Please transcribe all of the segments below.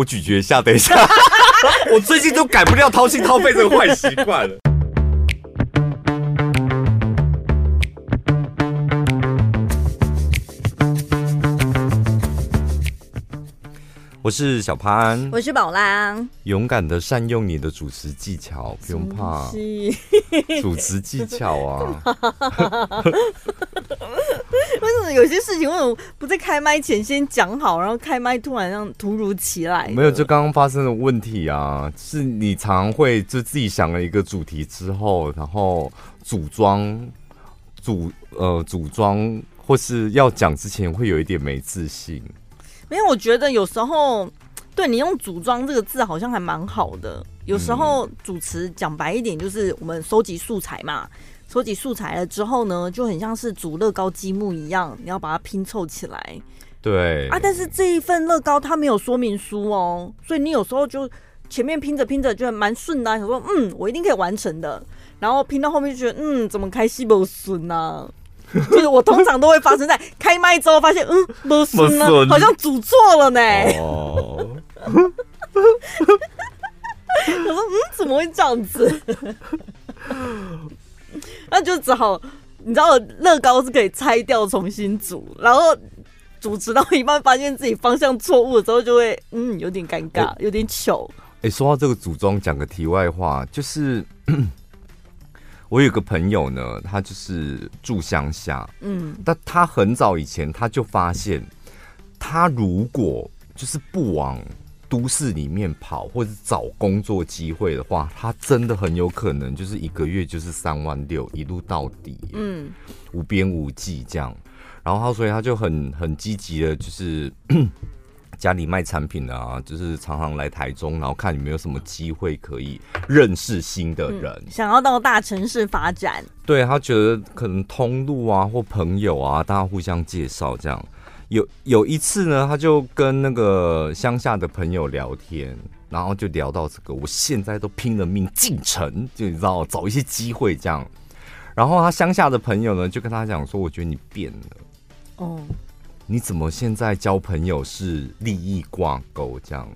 我拒絕一下，等一下， 我最近都改不掉 掏心掏肺這個壞習慣，我是小潘，我是寶拉，勇敢地善用你的主持技巧，不用怕，主持技巧啊。 為什麼有些事情為什麼不在開麥前先講好，然後開麥突然讓突如其來？沒有，就剛剛發生的問題啊。就是你常常會就自己想了一個主題之後，然後組裝、組呃組裝，或是要講之前會有一點沒自信。沒有，我覺得有時候對你用“組裝”這個字好像還蠻好的。有時候主持、嗯、講白一點，就是我們收集素材嘛。收集素材了之後呢，就很像是組樂高積木一樣，你要把它拼湊起來。對啊，但是這一份樂高它沒有說明書哦，所以你有時候就前面拼着拼着就蠻順的，啊，他說嗯，我一定可以完成的。然後拼到後面就覺得嗯，怎麼開始不順呢？ 就是我通常都會發生在開麥之後發現嗯，沒順呢好像組錯了呢，欸。他，哦， 說嗯，怎麼會這樣子？ 就只好，你知道樂高是可以拆掉重新組，然後組到一半，發現自己方向錯誤的時候，就會嗯有點尷尬，欸、有點糗。哎、欸，說到這個組裝，講個題外話，就是 我有個朋友呢，他就是住鄉下，嗯，但他很早以前他就發現，他如果就是不往。都市裡面跑，或者找工作機會的話，他真的很有可能就是一個月就是三萬六一路到底，嗯，無邊無際這樣。然後他所以他就很很積極的，就是 家裡賣產品的啊，就是常常來台中，然後看你有沒有什麼機會可以認識新的人。嗯，想要到大城市發展。對他覺得可能通路啊或朋友啊，大家互相介紹這樣。有有一次呢，他就跟那個鄉下的朋友聊天，然後就聊到這個，我現在都拼了命進城，就你知道，找一些機會這樣。然後他鄉下的朋友呢，就跟他講說，我覺得你變了，哦，你怎麼現在交朋友是利益掛鈎這樣？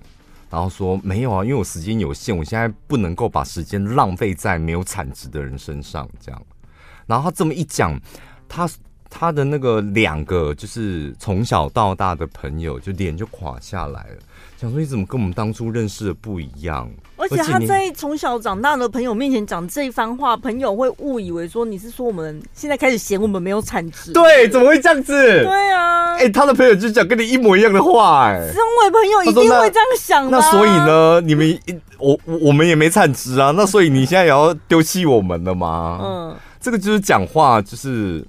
然後說沒有啊，因為我時間有限，我現在不能夠把時間浪費在沒有產值的人身上這樣。然後他這麼一講，他。他的那個兩個就是從小到大的朋友，就臉就垮下來了，想說你怎麼跟我們當初認識的不一樣？而且他在從小長大的朋友面前講這一番話，朋友會誤以為說你是說我們現在開始嫌我們沒有產值。對，怎麼會這樣子？對啊，哎、欸，他的朋友就講跟你一模一樣的話、欸，哎，身為朋友一定會這樣想的。那所以呢，你們一， 我我們也沒產值啊，那所以你現在也要丟棄我們了嗎？ 嗯，這個就是講話就是。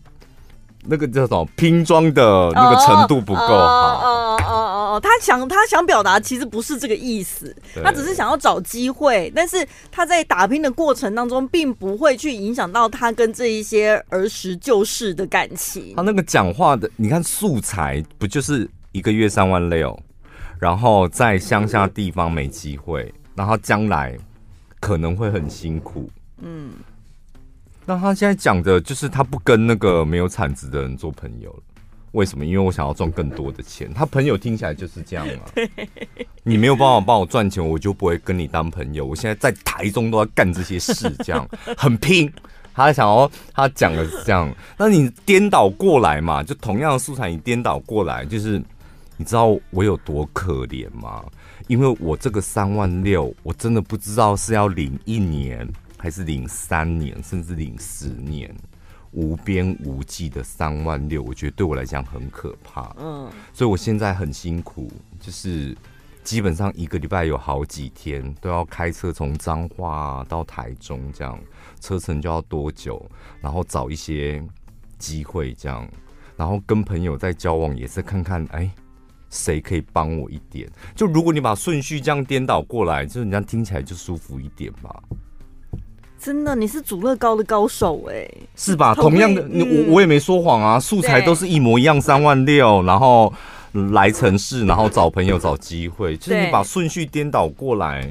那個叫什麼拼裝的那個程度不夠好哦。哦哦哦哦哦，哦，他想他想表達其實不是這個意思，對他只是想要找機會，但是他在打拼的過程當中，並不會去影響到他跟這一些兒時舊事的感情。他那個講話的，你看素材不就是一個月三萬六，然後在鄉下地方沒機會，然後將來可能會很辛苦。嗯。那他現在講的就是他不跟那個沒有產值的人做朋友了，為什麼？因為我想要賺更多的錢。他朋友聽起來就是這樣嘛、啊，你沒有辦法幫我賺錢，我就不會跟你當朋友。我現在在台中都要幹這些事，這樣很拼。他想要他講的是這樣，那你顛倒過來嘛，就同樣的素材，你顛倒過來，就是你知道我有多可憐嗎？因為我這個三萬六，我真的不知道是要領一年，還是領三年，甚至領十年，無邊無際的三萬六，我覺得對我來講很可怕。嗯，所以我現在很辛苦，就是基本上一個禮拜有好幾天都要開車從彰化到台中，這樣車程就要多久？然後找一些機會這樣，然後跟朋友在交往也是看看，哎，誰可以幫我一點？就如果你把順序這樣顛倒過來，就是人家聽起來就舒服一點吧。真的，你是主樂高的高手哎、欸，是吧？同，一同樣的，嗯、你我我也沒說謊啊，素材都是一模一樣 6, 對，三萬六，然後來城市，然後找朋友找機會，就是對你把順序顛倒過來，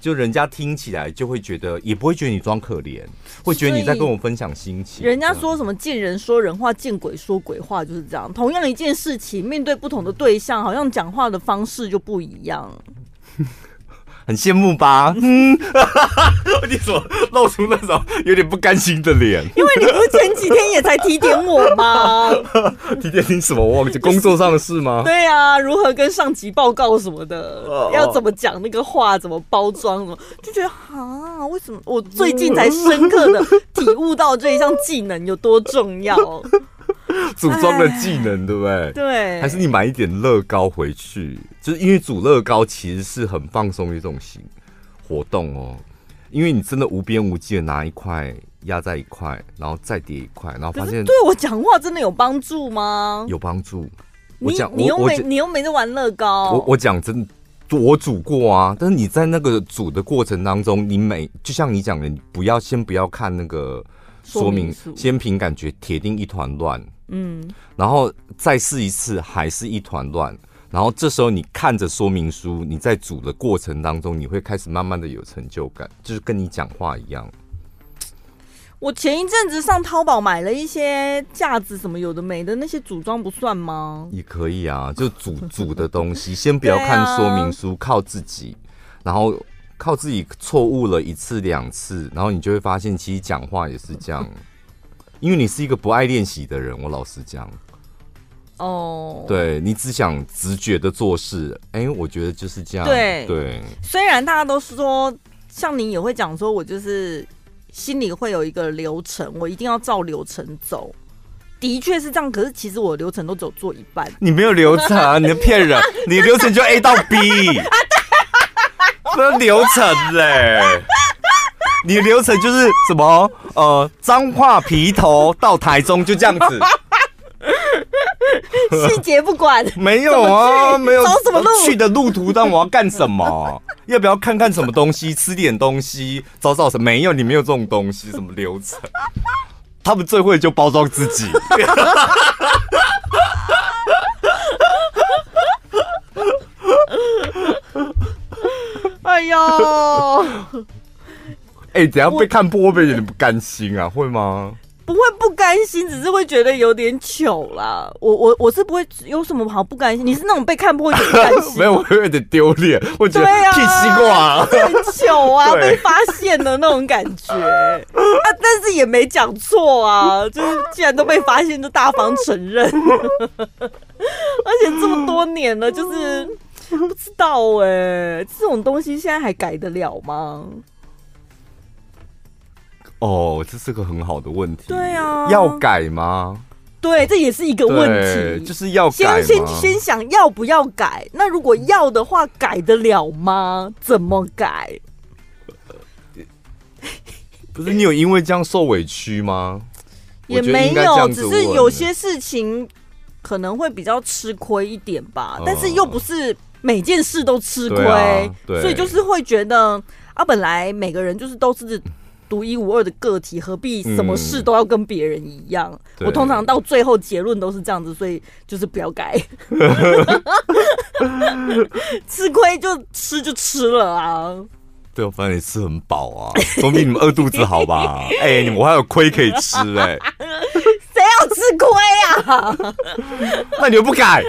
就人家聽起來就會覺得，也不會覺得你裝可憐，會覺得你在跟我分享心情。人家說什麼見人說人話，見鬼說鬼話，就是這樣。同樣一件事情，面對不同的對象，好像講話的方式就不一樣。 很羨慕吧？嗯， 你怎麼露出那種有點不甘心的臉，因為你不是前幾天也才提點我嗎？ 提點你什麼？工作上的事嗎？ 對呀，啊，如何跟上級報告什麼的，要怎麼講那個話，怎麼包裝，就覺得啊，為什麼我最近才深刻的體悟到這一項技能有多重要？ 組裝的技能，對不對？對，還是你買一點樂高回去，就是因為組樂高其實是很放鬆的一種型活動哦，因為你真的無邊無際的拿一塊壓在一塊，然後再疊一塊，然後發現對我講話真的有幫助嗎？有幫助。你我講你，你又沒我我你又沒在玩樂高。我我講真，我組過啊，但是你在那個組的過程當中，你每就像你講的，你不要先不要看那個說明，說明先憑感覺，鐵定一團亂。嗯，然後再試一次，還是一團亂。然後這時候你看着說明書，你在組的過程當中，你會開始慢慢的有成就感，就是跟你講話一樣。我前一陣子上淘寶買了一些架子，什麼有的沒的，那些組裝不算嗎？也可以啊，就組組的東西， 先不要看說明書， 啊、靠自己。然後靠自己，錯誤了一次兩次，然後你就會發現，其實講話也是這樣。 因為，你是一個不愛練習的人，我老是講。哦、oh,，對，你只想直覺的做事，哎、欸，我覺得就是這樣。對對，對雖然大家都說，像你也會講說，我就是心裡會有一個流程，我一定要照流程走。的確是這樣。可是其實我的流程都只有做一半。你沒有流程，啊，你的騙人。 你流程就 A 到 B。沒有 流程嘞，欸。你的流程就是什麼？呃，彰化皮頭到台中就這樣子，細節 不管。沒有啊，沒有。走什麼路、啊？去的路途當我要幹什麼？ 要不要看看什麼東西？吃點東西？找找什麼？沒有，你沒有這種東西。什麼流程？他們最會就包裝自己。 哎呦哎，怎樣、欸、被看破會有點不甘心啊？我會嗎？不會不甘心，只是會覺得有點糗啦。我我我是不會有什麼好不甘心，嗯、你是那種被看破就不甘心？ 沒有，我會有點丟臉。我覺得、啊、屁西瓜很糗啊，對被發現的那種感覺。 啊，但是也沒講錯啊，就是既然都被發現，就大方承認。 而且這麼多年了，就是、嗯、不知道哎、欸，這種東西現在還改得了嗎？哦，這是個很好的問題。對啊，要改嗎？對，這也是一個問題，就是要改先先先想要不要改。那如果要的話，改得了嗎？怎麼改？不是你有因為這樣受委屈嗎？ 也沒有，只是有些事情可能會比較吃虧一點吧。呃、但是又不是每件事都吃虧，啊、所以就是會覺得啊，本來每個人就是都是。獨一無二的個體，何必什麼事都要跟別人一樣？嗯、我通常到最後結論都是這樣子，所以就是不要改， 吃虧就吃就吃了我啊！對，我發現你吃很飽啊，總比你們餓肚子好吧？哎、 欸，我還有虧可以吃哎、欸，誰要吃虧啊？那你又不改。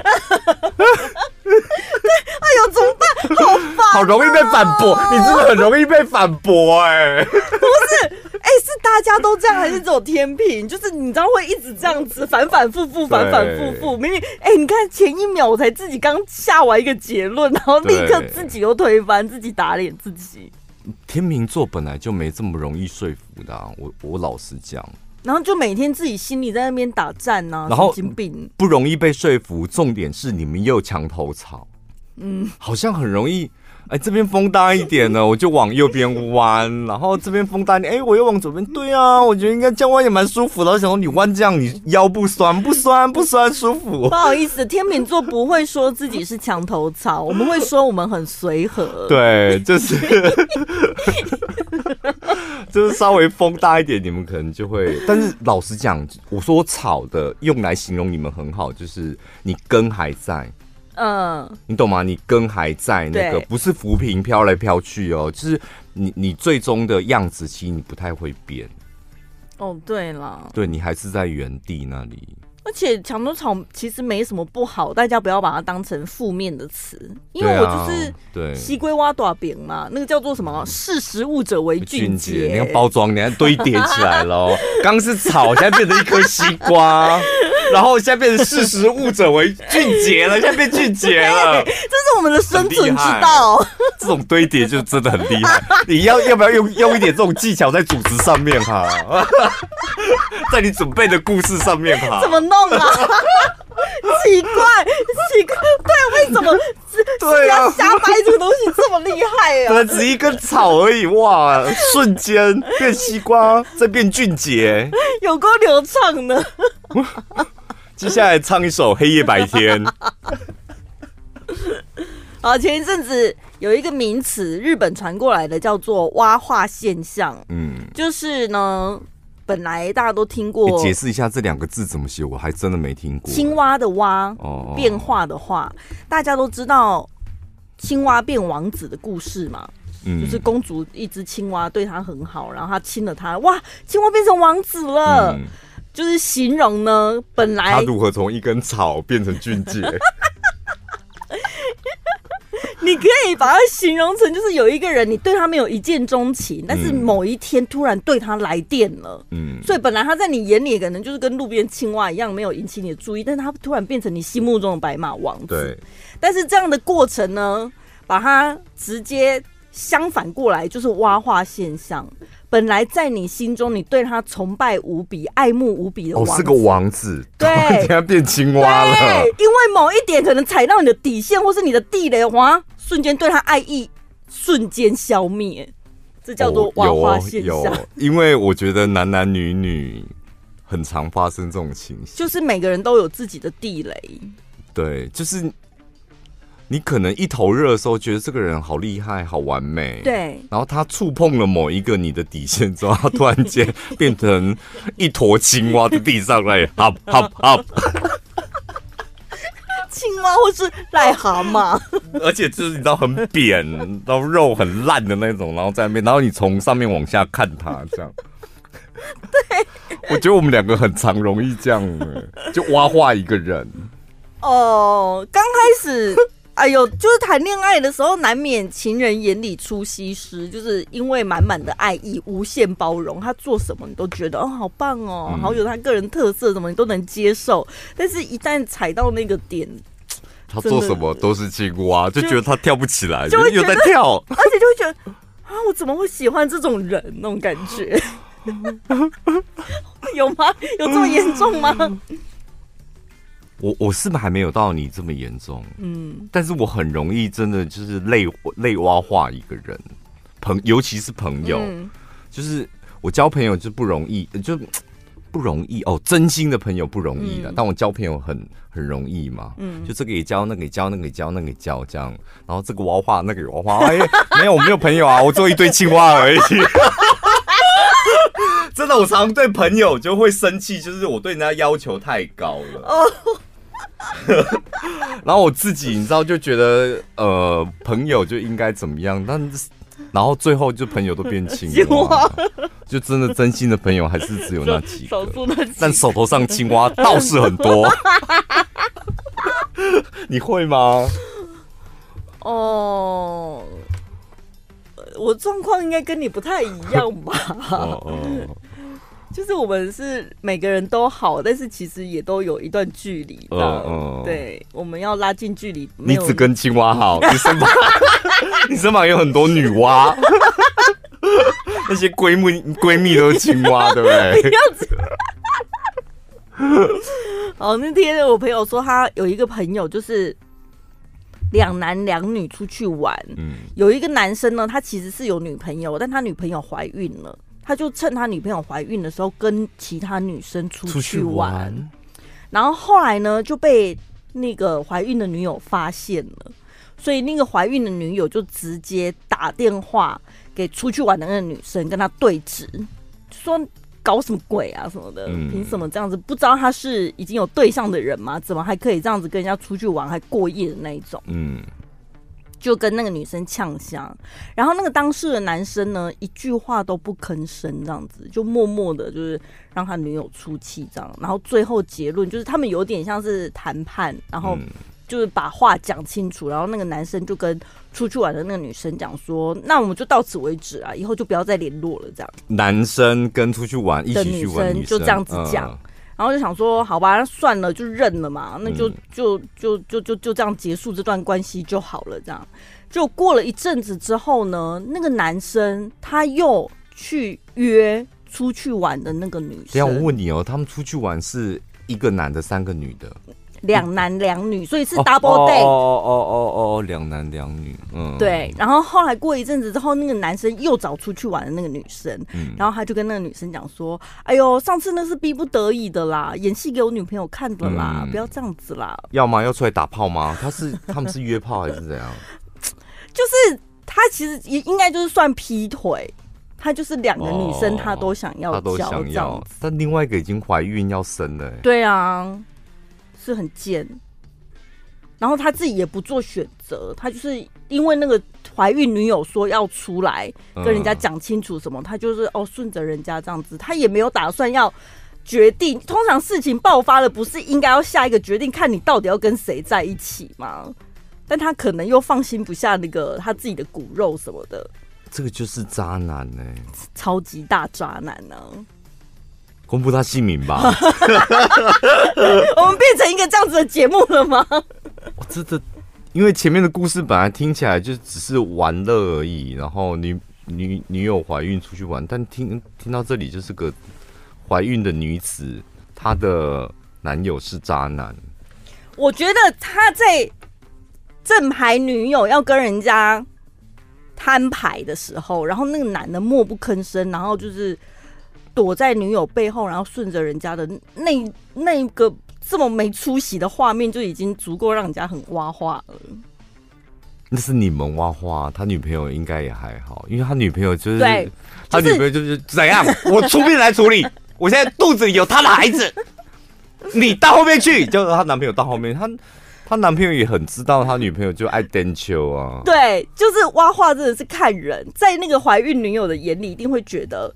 哎呦，怎麼辦？好煩、啊，好容易被反駁，你真的很容易被反駁哎。不是，哎、欸，是大家都這樣還是走天平？就是你知道會一直這樣子，反反复复，對 反反复复。明明哎、欸，你看前一秒我才自己剛下完一個結論，然後立刻自己又推翻，對 自己打臉自己。天秤座本來就沒這麼容易說服的、啊，我我老實講。然後就每天自己心裡在那邊打戰、啊、然後不不容易被說服。重點是你們又牆頭草。嗯，好像很容易。哎、欸，這邊風大一點呢，我就往右邊彎， 然後這邊風大一點，哎、欸，我又往左邊。對啊，我覺得應該這樣彎也蠻舒服的。然後想說你彎這樣，你腰酸不酸不酸不酸，舒服。不好意思，天秤座不會說自己是牆頭草， 我們會說我們很隨和。對，就是， 就是稍微風大一點，你們可能就會。但是老實講，我說我草的用來形容你們很好，就是你根還在。嗯，你懂嗎？你根還在那個，對不是浮萍飄來飄去哦。就是你，你最終的樣子其實你不太會變。哦，對了，對你還是在原地那裡。而且牆頭草其實沒什麼不好，大家不要把它當成負面的詞。因為我就是對、啊、對西瓜挖大餅嘛，那個叫做什麼？識時務者為俊傑。你看包裝，你看堆疊起來咯。剛 是草，現在變成一顆西瓜。 然後現在變成識時務者為俊傑了，現在變俊傑了，這是我們的生存之道，哦。這種堆疊就真的很厲害，你要要不要用用一點這種技巧在主持上面哈， 在你準備的故事上面哈？怎麼弄啊？ 奇怪，奇怪，對，為什麼對、啊、要瞎掰這個東西這麼厲害啊？只一根草而已哇，瞬間變西瓜，再變俊傑，有夠流暢呢。 接下來唱一首《黑夜白天》。 好，前一陣子有一個名詞，日本傳過來的，叫做“蛙化現象”。嗯，就是呢，本來大家都聽過，解釋一下這兩個字怎麼寫，我還真的沒聽過。青蛙的蛙，變化的化，大家都知道青蛙變王子的故事嘛？就是公主一隻青蛙對他很好，然後他親了他，哇，青蛙變成王子了。就是形容呢，本來他如何從一根草變成俊傑？ 你可以把它形容成，就是有一個人，你對他沒有一見鍾情，但是某一天突然對他來電了，嗯，所以本來他在你眼裡可能就是跟路邊青蛙一樣，沒有引起你的注意，但是他突然變成你心目中的白馬王子。對，但是這樣的過程呢，把它直接。相反過來就是蛙化現象。本來在你心中，你對他崇拜無比、愛慕無比的，哦，是個王子，對，他變青蛙了，對。因為某一點可能踩到你的底線，或是你的地雷，哇，瞬間對他愛意瞬間消滅，這叫做蛙化現象，哦，有，有。因為我覺得男男女女很常發生這種情形，就是每個人都有自己的地雷，對，就是。你可能一頭熱的時候，覺得這個人好厲害、好完美，對。然後他觸碰了某一個你的底線之後，他突然間變成一坨青蛙在地上嘞，好好好。青蛙或是癩蛤蟆，而且就是你知道很扁，然後肉很爛的那種，然後在那邊，然後你從上面往下看他這樣。對。我覺得我們兩個很常容易這樣，就蛙化一個人。哦，剛開始。 哎呦，就是談戀愛的時候，難免情人眼裡出西施，就是因為滿滿的愛意、無限包容，他做什麼你都覺得哦，好棒哦，嗯、好有他個人特色，什麼你都能接受。但是，一旦踩到那個點，他做什麼都是青蛙，就覺得他跳不起來，就，就會又在跳，而且就會覺得啊，我怎麼會喜歡這種人？那種感覺 有嗎？有這麼嚴重嗎？我我是不是還沒有到你這麼嚴重？嗯，但是我很容易真的就是累累蛙化一個人，朋尤其是朋友，嗯、就是我交朋友就不容易，就不容易哦，真心的朋友不容易的。嗯、但我交朋友很很容易嘛，嗯，就這個也交，那個也交，那個也交，那個也交這樣，然後這個蛙化，那個蛙化，哎， 沒有我沒有朋友啊，我只有一堆青蛙而已。 真的，我常常對朋友就會生氣，就是我對人家要求太高了。哦。 然後我自己，你知道，就覺得呃，朋友就應該怎麼樣，但然後最後就朋友都變青蛙了，就真的真心的朋友還是只有那幾個，幾個，但手頭上青蛙倒是很多。 你會嗎？哦，uh, 我狀況應該跟你不太一樣吧。 oh, uh. 就是我們是每個人都好，但是其實也都有一段距離的。嗯、對，嗯、我們要拉近距離。你只跟青蛙好？ 你身旁 你身旁有很多女蛙， 那些閨蜜閨蜜都是青蛙，對不對？好，那天我朋友說，他有一個朋友，就是兩男兩女出去玩。嗯、有一個男生呢，他其實是有女朋友，但他女朋友懷孕了。他就趁他女朋友懷孕的時候，跟其他女生出去玩，出去玩然後後來呢，就被那個懷孕的女友發現了，所以那個懷孕的女友就直接打電話給出去玩的那個女生，跟他對質，說搞什麼鬼啊什麼的，嗯、憑什麼這樣子？不知道他是已經有對象的人嗎？怎麼還可以這樣子跟人家出去玩還過夜的那一種？嗯。就跟那個女生嗆聲，然後那個當事的男生呢，一句話都不吭聲，這樣子就默默的，就是讓他女友出氣這樣。然後最後結論就是，他們有點像是談判，然後就是把話講清楚。然後那個男生就跟出去玩的那個女生講說：“那我們就到此為止啊，以後就不要再聯絡了。”這樣，男生跟出去玩一起去問，女生、嗯、就這樣子講。嗯然後就想說，好吧，那算了，就認了嘛，那就就就就就就就這樣結束這段關係就好了。這樣，就過了一陣子之後呢，那個男生他又去約出去玩的那個女生。等下我問你哦，他們出去玩是一個男的三個女的。兩男兩女，所以是 double date、哦。哦哦哦哦哦，兩、哦哦、男兩女。嗯，對。然後後來過一陣子之後，那個男生又找出去玩的那個女生，然後他就跟那個女生講說：“哎呦，上次那是逼不得已的啦，演戲給我女朋友看的啦，不要這樣子啦。嗯”要嗎？要出來打炮嗎？他是他們是約炮還是怎樣？ 就是他其實也應應該就是算劈腿，他就是兩個女生她都想要、哦，他都想要，但另外一個已經懷孕要生了、欸。對啊。是很賤，然後他自己也不做選擇，他就是因為那個懷孕女友說要出來跟人家講清楚什麼，嗯、他就是哦順着人家這樣子，他也沒有打算要決定。通常事情爆發了，不是應該要下一個決定，看你到底要跟誰在一起嗎？但他可能又放心不下那個他自己的骨肉什麼的，這個就是渣男呢、欸，超級大渣男呢、啊。公布他姓名吧。 我們變成一個這樣子的節目了嗎？這這，因為前面的故事本來聽起來就只是玩樂而已，然後女女女友懷孕出去玩，但聽聽到這裡就是個懷孕的女子，她的男友是渣男。我覺得他在正牌女友要跟人家攤牌的時候，然後那個男的默不吭聲，然後就是。躲在女友背後，然後順着人家的那那個這麼沒出息的畫面，就已經足夠讓人家很挖花了。那是你們挖花，他女朋友應該也還好，因為他女朋友就是對、就是、他女朋友就是怎樣， 我出面來處理。我現在肚子裡有他的孩子， 你到後面去就他男朋友到後面，他他男朋友也很知道他女朋友就愛單球啊。對，就是挖花，真的是看人在那個懷孕女友的眼裡，一定會覺得。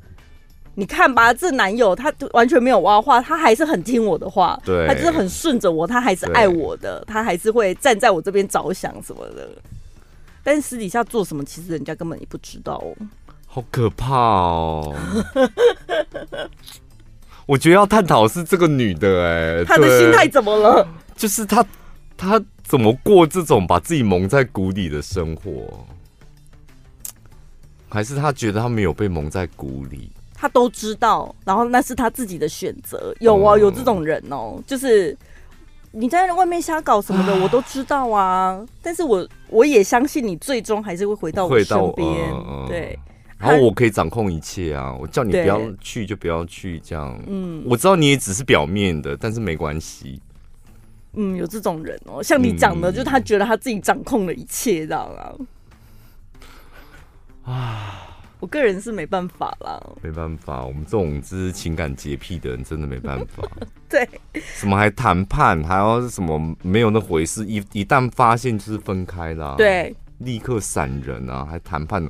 你看吧，這男友他完全沒有挖話，他還是很聽我的話，對他就是很順着我，他還是愛我的，對他還是會站在我這邊着想什麼的。但是私底下做什麼，其實人家根本也不知道哦。好可怕哦！ 我覺得要探討的是這個女的、欸，哎，她的心態怎麼了？就是她，她怎麼過這種把自己蒙在鼓裡的生活？還是她覺得她沒有被蒙在鼓裡？他都知道，然後那是他自己的選擇。有啊，嗯、有這種人哦、喔，就是你在外面瞎搞什麼的，我都知道啊。啊但是我我也相信你最終還是會回到我身邊。嗯嗯、對，然後我可以掌控一切啊！我叫你不要去就不要去這樣。嗯，我知道你也只是表面的，但是沒關係。嗯，有這種人哦、喔，像你講的，就是他覺得他自己掌控了一切，嗯、知道嗎？啊。我個人是沒辦法啦，沒辦法，我們這種就是情感潔癖的人真的沒辦法。 對，什麼還談判，還要是什麼沒有那回事？一一旦發現就是分開啦、啊，對，立刻閃人啊，還談判？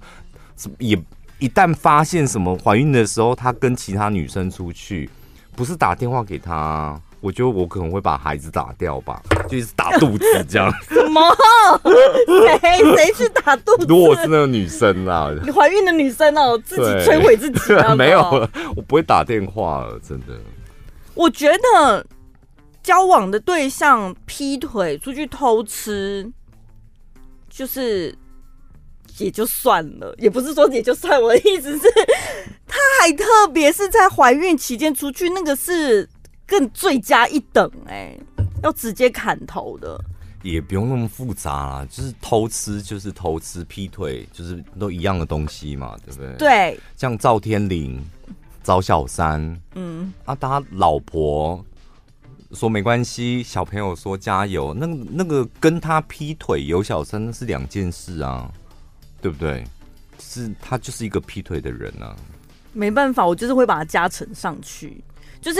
什麼也一一旦發現什麼懷孕的時候，他跟其他女生出去，不是打電話給他、啊。我覺得我可能會把孩子打掉吧，就是打肚子這樣。 什麼？誰誰是打肚子？如果是那個女生啊，你懷孕的女生哦、啊，自己摧毀自己。沒有，我不會打電話了，真的。我覺得交往的對象劈腿出去偷吃，就是也就算了，也不是說也就算了。我的意思是，他還特別是在懷孕期間出去，那個是。更罪加一等哎、欸，要直接砍頭的，也不用那麼複雜啦、啊，就是偷吃，就是偷吃，劈腿，就是都一樣的東西嘛，對不對？對，像趙天麟找小三，嗯，啊，他老婆說沒關係，小朋友說加油，那個、那個跟他劈腿有小三是兩件事啊，對不對？就是，他就是一個劈腿的人啊，沒辦法，我就是會把他加成上去。就是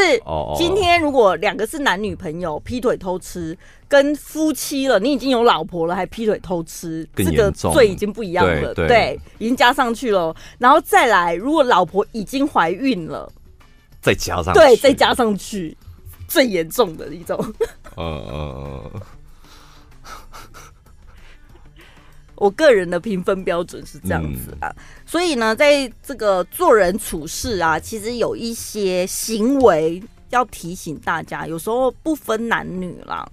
今天，如果兩個是男女朋友，劈腿偷吃，跟夫妻了，你已經有老婆了，還劈腿偷吃，這個罪已經不一樣了，對，對，對，已經加上去了。然後再來，如果老婆已經懷孕了，再加上去，對，再加上去，最嚴重的一種，嗯嗯嗯。我個人的評分標準是這樣子啊，嗯、所以呢，在這個做人處事啊，其實有一些行為要提醒大家，有時候不分男女啦。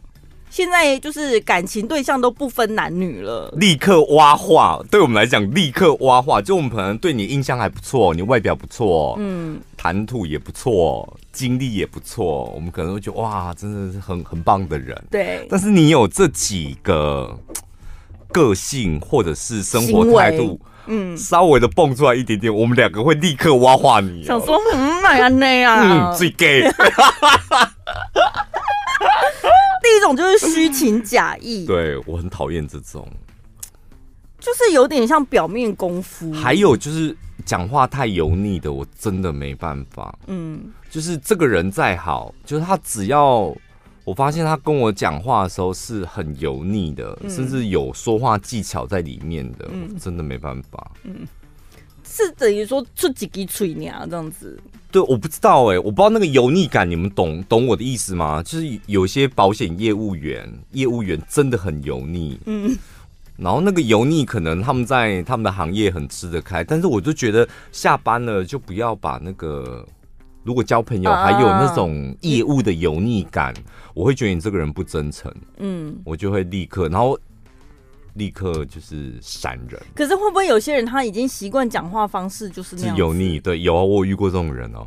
現在就是感情對象都不分男女了，立刻蛙化。對我們來講，立刻蛙化，就我們可能對你印象還不錯，你外表不錯，嗯，談吐也不錯，經歷也不錯，我們可能會覺得哇，真的是很很棒的人。對，但是你有這幾個。個性或者是生活態度，嗯，稍微的蹦出來一點點，我們兩個會立刻挖化你。想說， 嗯，哪樣那、啊、樣，最 gay。第一種就是虛情假意，對，我很討厭這種，就是有點像表面功夫。還有就是講話太油膩的，我真的沒辦法。嗯，就是這個人再好，就是他只要。我發現他跟我講話的時候是很油膩的，嗯、甚至有說話技巧在裡面的，嗯、我真的沒辦法。嗯，是等於說出幾個嘴鳥這樣子。對，我不知道哎、欸，我不知道那個油膩感，你們懂懂我的意思嗎？就是有些保險業務員，業務員真的很油膩。嗯，然後那個油膩，可能他們在他們的行業很吃得開，但是我就覺得下班了就不要把那個。如果交朋友還有那種業務的油膩感，啊嗯、我會覺得你這個人不真誠，嗯，我就會立刻，然後立刻就是閃人。可是會不會有些人他已經習慣講話方式就是那樣油膩？對，有啊，我有遇過這種人哦、啊，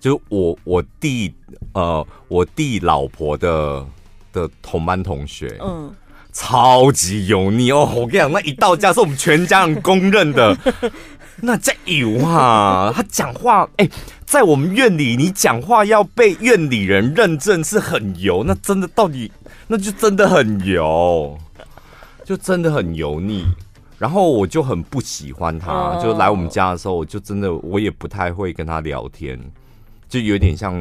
就是我我弟呃我弟老婆的的同班同學，嗯，超級油膩哦，我跟你講，那一到家是我們全家人公認的。 那在油啊，他講話哎、欸，在我們院裡，你講話要被院裡人認證是很油，那真的到底那就真的很油，就真的很油膩。然後我就很不喜歡他，oh. 就來我們家的時候，我就真的我也不太會跟他聊天，就有點像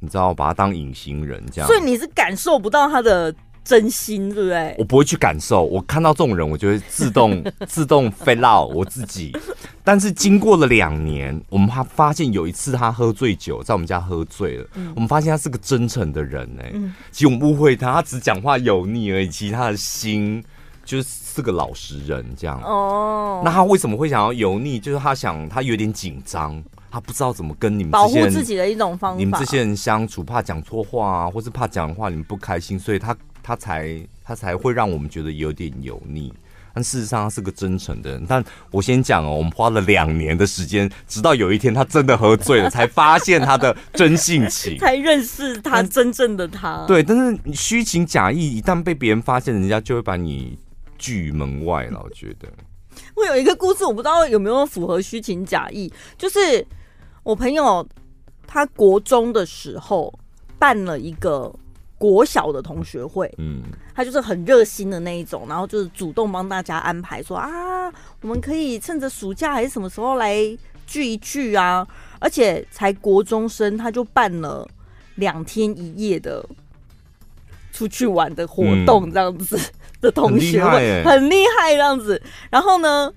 你知道，把他當隱形人這樣，所以你是感受不到他的。真心，對不對？我不會去感受，我看到這種人，我就會自動 自動 f o l o 我自己。但是經過了兩年，我們還發現有一次他喝醉酒，在我們家喝醉了。嗯、我們發現他是個真誠的人哎。嗯、其實我們誤會他，他只講話油膩而已，其實他的心就是是個老實人這樣。哦，那他為什麼會想要油膩？就是他想他有點緊張，他不知道怎麼跟你們保護自己的一種方法。你們這些人相處，怕講錯話啊，或是怕講的話你們不開心，所以他。他才他才會讓我們覺得有點油膩，但事實上他是個真誠的人。但我先講哦，我們花了兩年的時間，直到有一天他真的喝醉了，才發現他的真性情， 才認識他、嗯、真正的他。對，但是你虛情假意，一旦被別人發現，人家就會把你拒門外了。我覺得，我有一個故事，我不知道有沒有符合虛情假意，就是我朋友他國中的時候辦了一個。國小的同學會，嗯，他就是很熱心的那一種，然後就是主動幫大家安排說啊，我們可以趁着暑假還是什麼時候來聚一聚啊，而且才國中生他就辦了兩天一夜的出去玩的活動，這樣子的同學會，嗯，很厲害，很厲害這樣子。然後呢，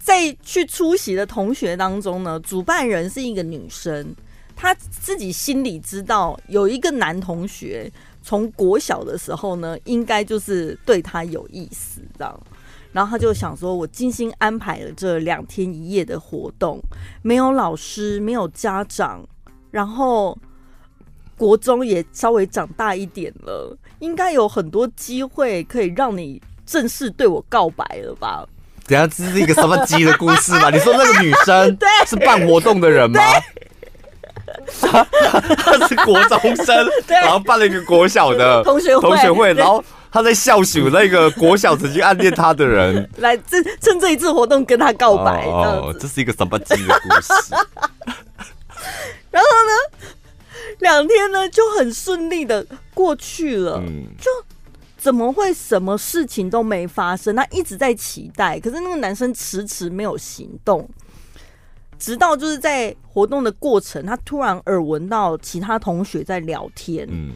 在去出席的同學當中呢，主辦人是一個女生。他自己心裡知道有一個男同學從國小的時候呢，應該就是對他有意思，這樣。然後他就想說：“我精心安排了這兩天一夜的活動，沒有老師，沒有家長，然後國中也稍微長大一點了，應該有很多機會可以讓你正式對我告白了吧？”等下，這是一個什麼雞的故事吧？ 你說那個女生是辦活動的人嗎？ 他是國中生， 對然後辦了一個國小的同學同學會，對然後他在笑署那個國小曾經暗戀他的人，對 來趁趁這一次活動跟他告白。哦，這，這是一個什麼雞的故事？ 然後呢，兩天呢就很順利的過去了，嗯、就怎麼會什麼事情都沒發生？他一直在期待，可是那個男生遲遲沒有行動。直到就是在活動的過程，他突然耳聞到其他同學在聊天。嗯，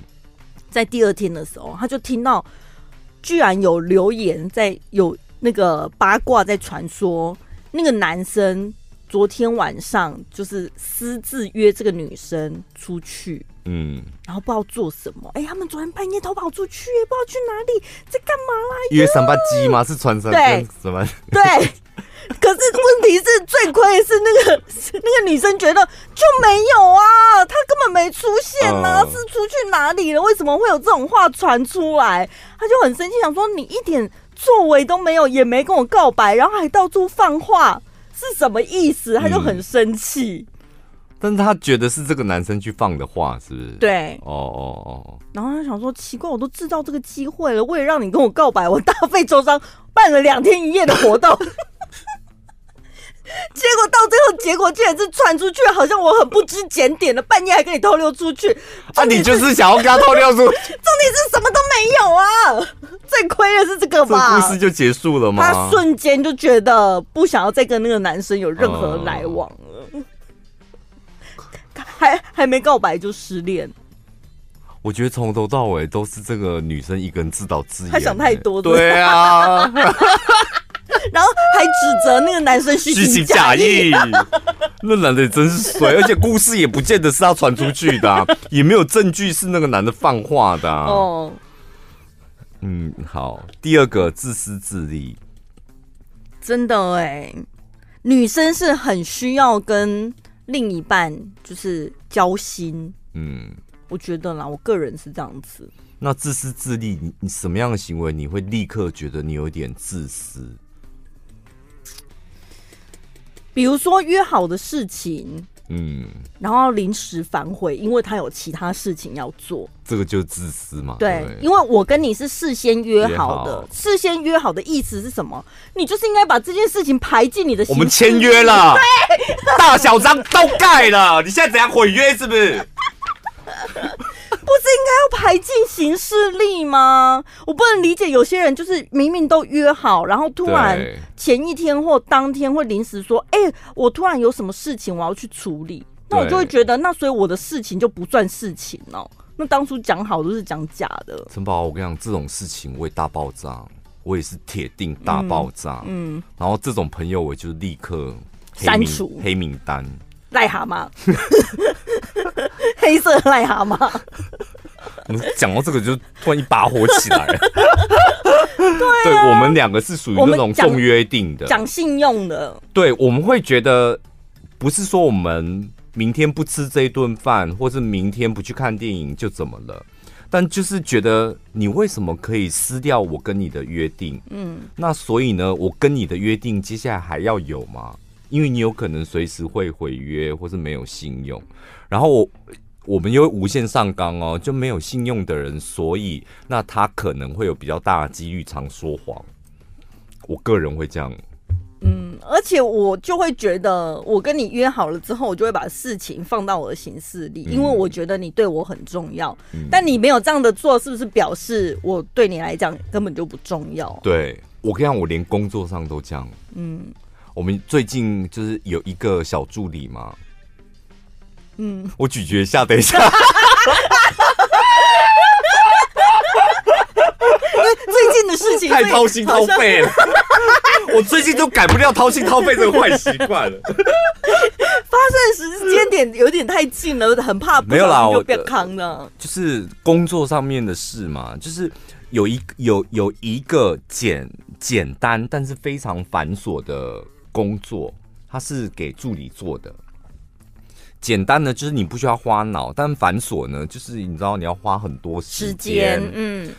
在第二天的時候，他就聽到居然有留言在有那個八卦在傳說，那個男生昨天晚上就是私自約這個女生出去。嗯，然後不知道做什麼。哎、欸，他們昨天半夜偷跑出去，也不知道去哪裡，在幹嘛啦、啊？約三八雞嗎？是傳說對什麼？對。 可是問題是最虧的是那個那個女生覺得就沒有啊，她根本沒出現吶、啊，呃、是出去哪裡了？為什麼會有這種話傳出來？她就很生氣，想說你一點作為都沒有，也沒跟我告白，然後還到處放話，是什麼意思？她就很生氣、嗯，但她覺得是這個男生去放的話，是不是？對，哦哦哦，哦哦然後她想說奇怪，我都制造這個機會了，為了讓你跟我告白，我大費周章辦了兩天一夜的活動。嗯 結果到最後，結果竟然是傳出去，好像我很不知檢點的，半夜還跟你偷溜出去。那、啊、你就是想要跟他偷溜出去？ 重點是什麼都沒有啊！最虧的是這個吧？故事就結束了嗎？他瞬間就覺得不想要再跟那個男生有任何來往了，啊、還還沒告白就失戀。我覺得從頭到尾都是這個女生一個人自導自演、欸，她想太多是不是？對啊。 然後還指責那個男生虛情假意， 那男的真是衰，而且故事也不見得是他傳出去的，啊，也沒有證據是那個男的放話的、啊、哦。嗯，好，第二個自私自利，真的哎、欸，女生是很需要跟另一半就是交心，嗯，我覺得啦，我個人是這樣子。那自私自利你，你什麼樣的行為你會立刻覺得你有點自私？比如說約好的事情，嗯，然後臨時反悔，因為他有其他事情要做，這個就是自私嘛。對，因為我跟你是事先約好的，好，事先約好的意思是什麼？你就是應該把這件事情排進你的。我們簽約了，對大小章都蓋了， 你現在怎樣毀約是不是？ 不是應該要排進行事曆嗎？我不能理解有些人就是明明都約好，然後突然前一天或當天會臨時說：“哎對、欸，我突然有什麼事情我要去處理。對”那我就會覺得，那所以我的事情就不算事情哦。那當初講好都是講假的。陳寶，我跟你講這種事情，我也大爆炸，我也是鐵定大爆炸。嗯，嗯然後這種朋友，我就立刻刪除黑名單。癩蛤蟆， 黑色癩蛤蟆。講到這個，就突然一把火起來 對、啊。 對，我們兩個是屬於那種重約定的、講信用的。對，我們會覺得不是說我們明天不吃這一頓飯，或是明天不去看電影就怎麼了？但就是覺得你為什麼可以撕掉我跟你的約定？嗯，那所以呢，我跟你的約定接下來還要有嗎？因為你有可能隨時會毀約，或是沒有信用，然後我我們又無限上綱哦，就沒有信用的人，所以那他可能會有比較大的幾率常說謊。我個人會這樣，嗯，而且我就會覺得，我跟你約好了之後，我就會把事情放到我的行事曆，嗯、因為我覺得你對我很重要。嗯、但你沒有這樣的做，是不是表示我對你來講根本就不重要？對，我跟你講，我連工作上都這樣，嗯。我們最近就是有一個小助理嘛，嗯，我咀嚼一下，等一下， 最近的事情太掏心掏肺了，好像 我最近都改不掉掏心掏肺這個壞習慣了，發生時間點有點太近了，很怕不變了，沒有啦，我的，就是工作上面的事嘛，就是有一個有有一個簡簡單但是非常繁瑣的。工作，它是給助理做的。簡單的就是你不需要花腦，但繁瑣呢，就是你知道你要花很多時間。嗯。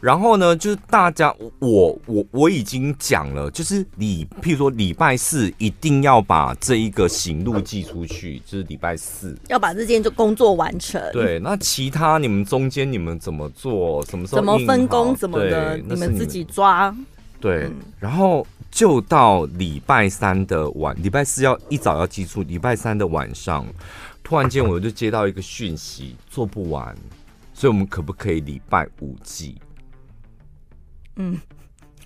然後呢，就是大家，我我我已經講了，就是你，譬如說禮拜四一定要把這一個行路寄出去，嗯、就是禮拜四要把這件就工作完成。對，那其他你們中間你們怎麼做？什麼時候怎麼分工怎麼的？對你們自己抓。對，然後就到禮拜三的晚，禮拜四要一早要寄出。禮拜三的晚上，突然間我就接到一個訊息，做不完，所以我們可不可以禮拜五寄？嗯，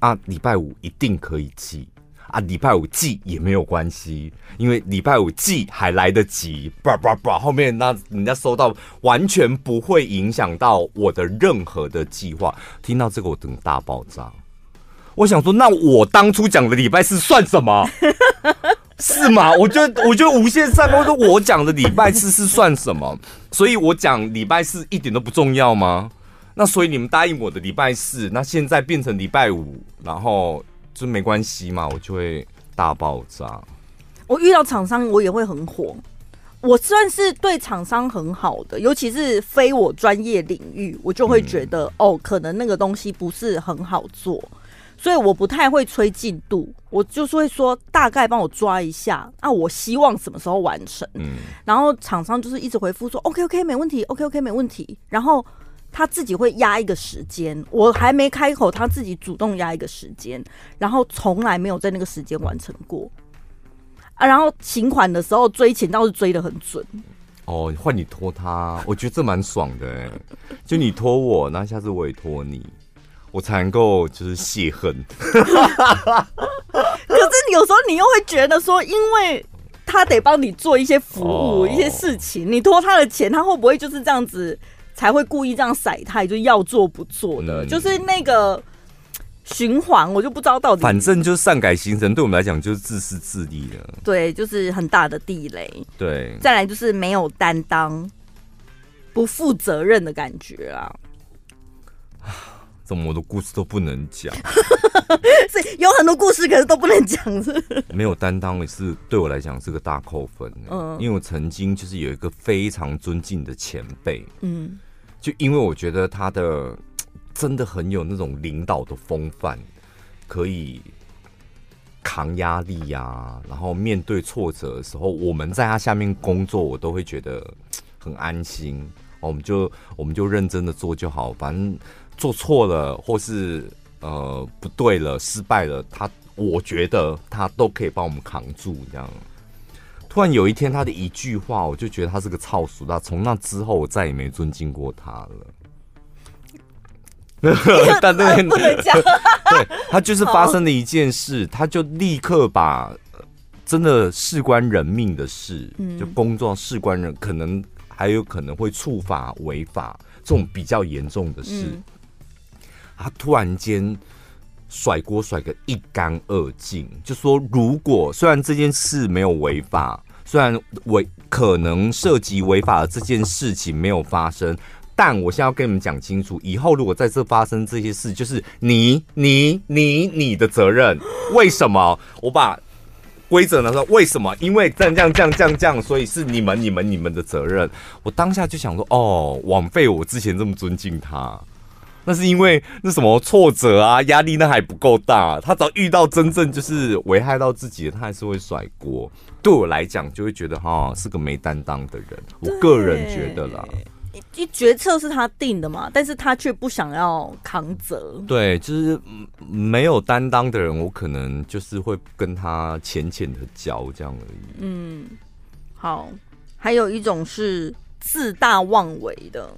啊，禮拜五一定可以寄啊，禮拜五寄也沒有關係，因為禮拜五寄還來得及。叭叭叭，後面那人家收到，完全不會影響到我的任何的計劃。聽到這個，我等大爆炸。我想說，那我當初講的禮拜四算什麼？ 是嗎？我覺得我覺得無限上，我說我講的禮拜四是算什麼？所以我講禮拜四一點都不重要嗎？那所以你們答應我的禮拜四，那現在變成禮拜五，然後就沒關係嘛？我就會大爆炸。我遇到廠商，我也會很火。我算是對廠商很好的，尤其是非我專業領域，我就會覺得、嗯、哦，可能那個東西不是很好做。所以我不太會催進度，我就是會說大概幫我抓一下，那、啊、我希望什麼時候完成？嗯、然後廠商就是一直回復說 OK OK 沒問題，OK OK 沒問題，然後他自己會壓一個時間，我還沒開口，他自己主動壓一個時間，然後從來沒有在那個時間完成過啊。然後請款的時候追錢倒是追得很準，哦，換你拖他，我覺得這蠻爽的哎、欸，就你拖我，那下次我也拖你。我才能夠就是洩恨，可是你有時候你又會覺得說，因為他得幫你做一些服務、oh. 一些事情，你拖他的錢，他會不會就是這樣子才會故意這樣甩態，就要做不做的，No. 就是那個循環，我就不知道到底。反正就是擅改行程，對我們來講就是自私自利的，對，就是很大的地雷。對，再來就是沒有擔當、不負責任的感覺啊。什麼的故事都不能講，所以 有很多故事，可是都不能講。沒有擔當是對我來講是個大扣分。嗯，因為我曾經就是有一個非常尊敬的前輩，嗯，就因為我覺得他的真的很有那種領導的風範，可以扛壓力呀，啊，然後面對挫折的時候，我們在他下面工作，我都會覺得很安心。我們就我們就認真的做就好，反正。做錯了，或是呃不對了，失敗了，他我覺得他都可以幫我們扛住。這樣，突然有一天他的一句話，我就覺得他是個草俗。他從那之後，我再也沒尊敬過他了。但 對，對他就是發生了一件事，好他就立刻把真的事關人命的事，嗯、就工作事關人，可能還有可能會觸法違法這種比較嚴重的事。嗯嗯他突然間甩鍋甩個一乾二淨，就說如果雖然這件事沒有違法，雖然違可能涉及違法的這件事情沒有發生，但我現在要跟你們講清楚，以後如果再次發生這些事，就是你、你、你、你的責任。為什麼？我把規則拿出來，為什麼？因為這樣、這樣、這樣、這樣，所以是你們、你們、你們的責任。我當下就想說，哦，枉費我之前這麼尊敬他。那是因為那什麼挫折啊、壓力那還不夠大啊，他只要遇到真正就是危害到自己的，他還是會甩鍋。對我來講，就會覺得哈是個沒擔當的人。我個人覺得啦，因為決策是他定的嘛，但是他卻不想要扛責。對，就是沒有擔當的人，我可能就是會跟他淺淺的交這樣而已。嗯，好，還有一種是自大妄為的。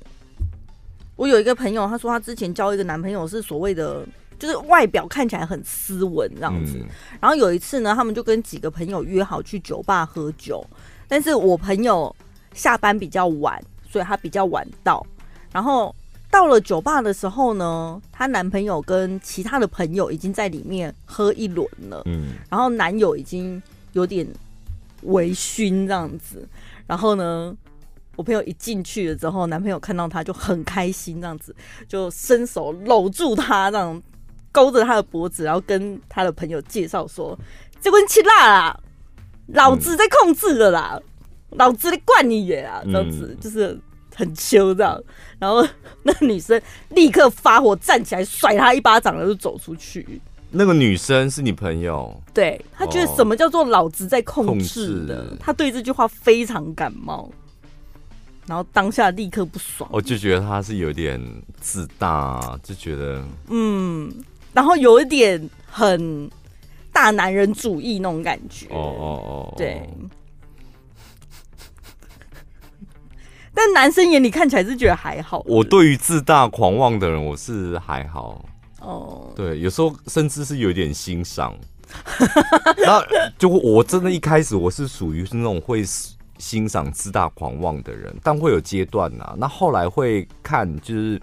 我有一個朋友，他說他之前交一個男朋友是所謂的，就是外表看起來很斯文這樣子。然後有一次呢，他們就跟幾個朋友約好去酒吧喝酒，但是我朋友下班比較晚，所以他比較晚到。然後到了酒吧的時候呢，她男朋友跟其他的朋友已經在裡面喝一輪了，然後男友已經有點微醺這樣子，然後呢。我朋友一進去了之後，男朋友看到他就很開心，這樣子就伸手摟住他，這樣勾着他的脖子，然後跟他的朋友介紹說：“這碗吃辣啦，老子在控制了啦，老子在灌你也啊，這樣子、嗯、就是很秋這樣。”然後那女生立刻發火，站起來甩他一巴掌，然後就走出去。那個女生是你朋友？對，他覺得什麼叫做“老子在控制”的，制他對這句話非常感冒。然後當下立刻不爽，我就覺得他是有點自大，就覺得嗯，然後有一點很大男人主義那種感覺。哦哦哦，對。 但男生眼裡看起來是覺得還好。我對於自大狂妄的人，我是還好。哦，對，有時候甚至是有點欣賞。然後 就我真的，一開始我是屬於是那種會欣賞自大狂妄的人，但會有階段吶、啊。那後來會看，就是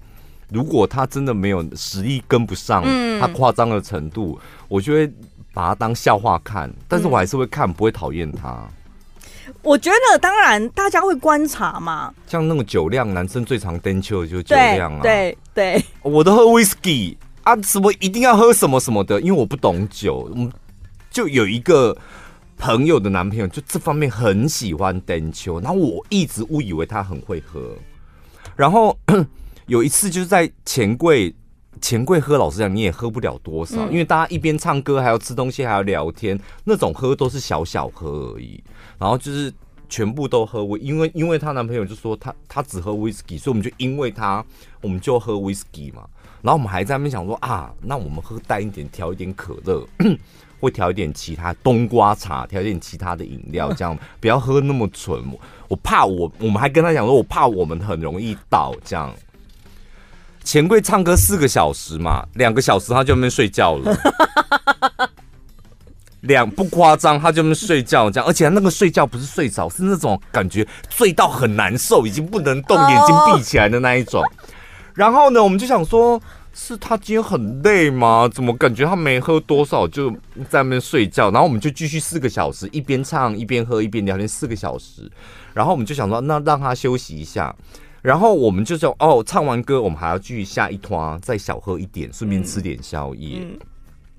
如果他真的沒有實力跟不上，他誇張的程度，嗯、我就會把他當笑話看。但是我還是會看，不會討厭他。我覺得，當然大家會觀察嘛。像那種酒量，男生最常 d 秋就是酒量啊，對對。對對我都喝 whisky 啊，什麼一定要喝什麼什麼的，因為我不懂酒，嗯、就有一個。朋友的男朋友就這方面很喜歡 Dancho 然後我一直誤以為他很會喝，然後 有一次就是在錢櫃錢櫃喝，老實講你也喝不了多少，嗯、因為大家一邊唱歌還要吃東西還要聊天，那種喝都是小小喝而已。然後就是全部都喝威，因為因為她男朋友就說他他只喝 whisky，所以我們就因為他我們就喝 whisky 嘛，然後我們還在那邊想說啊，那我們喝淡一點，調一點可樂。 會調一點其他冬瓜茶，調一點其他的飲料，這樣不要喝那麼純。我怕我，我們還跟他講說，我怕我們很容易倒。這樣，錢櫃唱歌四個小時嘛，兩個小時他就在那邊睡覺了， 兩不誇張，他就在那邊睡覺這樣。而且那個睡覺不是睡着，是那種感覺睡到很難受，已經不能動，眼睛閉起來的那一種。 然後呢，我們就想說。是他今天很累嗎？怎麼感覺他沒喝多少就在那邊睡覺？然後我們就繼續四個小時，一邊唱一邊喝一邊聊天四個小時。然後我們就想說，那讓他休息一下。然後我們就說，哦，唱完歌我們還要繼續下一攤，再小喝一點，順便吃點宵夜。嗯嗯、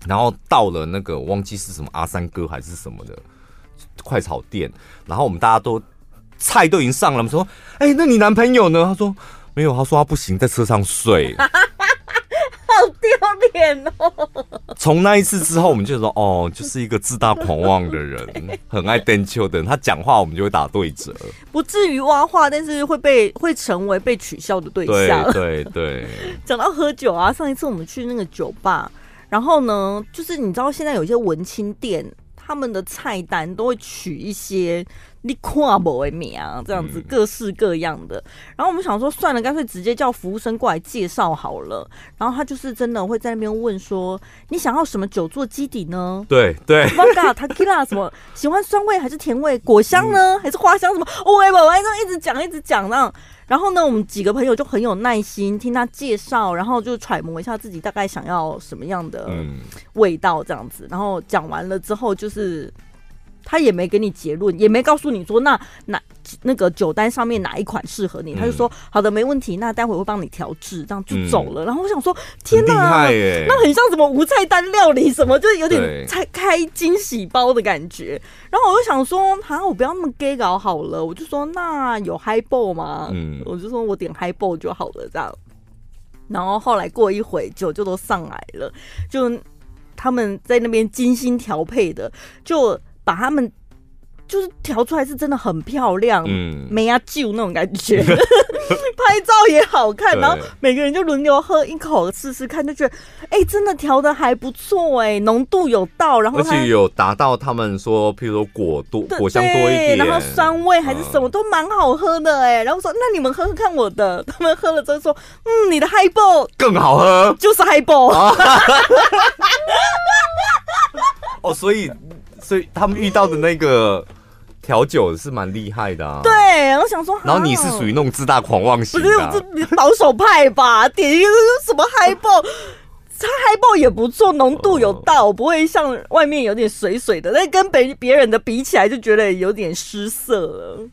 然後到了那個忘記是什麼阿三哥還是什麼的快炒店，然後我們大家都菜都已經上了，我們說，哎、欸，那你男朋友呢？他說沒有，他說他不行，在車上睡。 好丟臉哦！從那一次之後，我們就說哦，就是一個自大狂妄的人， 對 很愛單挑的人。他講話我們就會打對折，不至於挖話，但是會被會成為被取笑的對象。對對對，講 到喝酒啊，上一次我們去那個酒吧，然後呢，就是你知道現在有一些文青店，他們的菜單都會取一些。你看無的名字這樣子，各式各樣的。然後我們想說，算了，乾脆直接叫服務生過來介紹好了。然後他就是真的會在那邊問說，你想要什麼酒做基底呢？對對，Vodka、Tequila, 什麼？喜歡酸味還是甜味？果香呢？還是花香？什麼 whatever 一直講一直講，這樣。然後呢，我們幾個朋友就很有耐心聽他介紹，然後就揣摩一下自己大概想要什麼樣的味道這樣子。然後講完了之後就是。他也沒給你結論，也沒告訴你說那哪那個酒單上面哪一款適合你，嗯、他就說好的沒問題，那待會兒會幫你調製，這樣就走了。嗯、然後我想說，天哪,很那很像什麼無菜單料理，什麼就是有點拆對開驚喜包的感覺。然後我就想說，好、啊，我不要那麼 gay 搞好了，我就說那有嗨 ball 嗎？嗯，我就說我點嗨 ball 就好了，這樣。然後後來過一會，酒就都上來了，就他們在那邊精心調配的，就。把他們就是調出來是真的很漂亮，嗯，沒呀，舊那種感覺， 拍照也好看。對然後每個人就輪流喝一口試試看，就覺得哎、欸，真的調的還不錯哎、欸，濃度有到。然後而且有達到他們說，譬如說果多對果香多一點，然後酸味還是什麼、嗯、都蠻好喝的哎、欸。然後說，那你們喝喝看我的，他們喝了之後說，嗯，你的 Highball 更好喝，就是 Highball 哦，所以。所以他們遇到的那個調酒是蠻厲害的啊，對。我想說，然後你是屬於那種自大狂妄型，我是保守派吧？點一個什麼嗨爆，他嗨爆也不錯，濃度有到，不會像外面有點水水的。但跟別別人的比起來，就覺得有點失色了。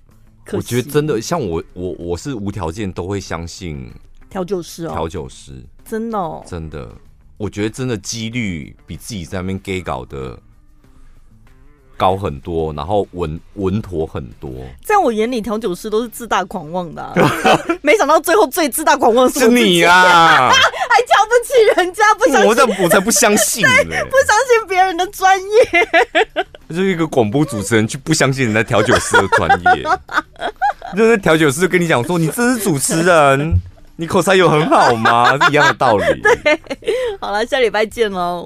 我覺得真的像我，我我是無條件都會相信調酒師，調酒師真的真的，我覺得真的幾率比自己在那邊 gay 搞的高很多，然後穩穩妥很多。在我眼裡，調酒師都是自大狂妄的、啊。 沒想到最後最自大狂妄是你呀，還瞧不起人家，不相信、嗯、我，我才不相信呢，不相信別人的專業，就是一個廣播主持人，去不相信人家調酒師的專業。 就是調酒師跟你講說，你這是主持人，你口才有很好嗎？ 是一樣的道理。對，好了，下禮拜見嘍。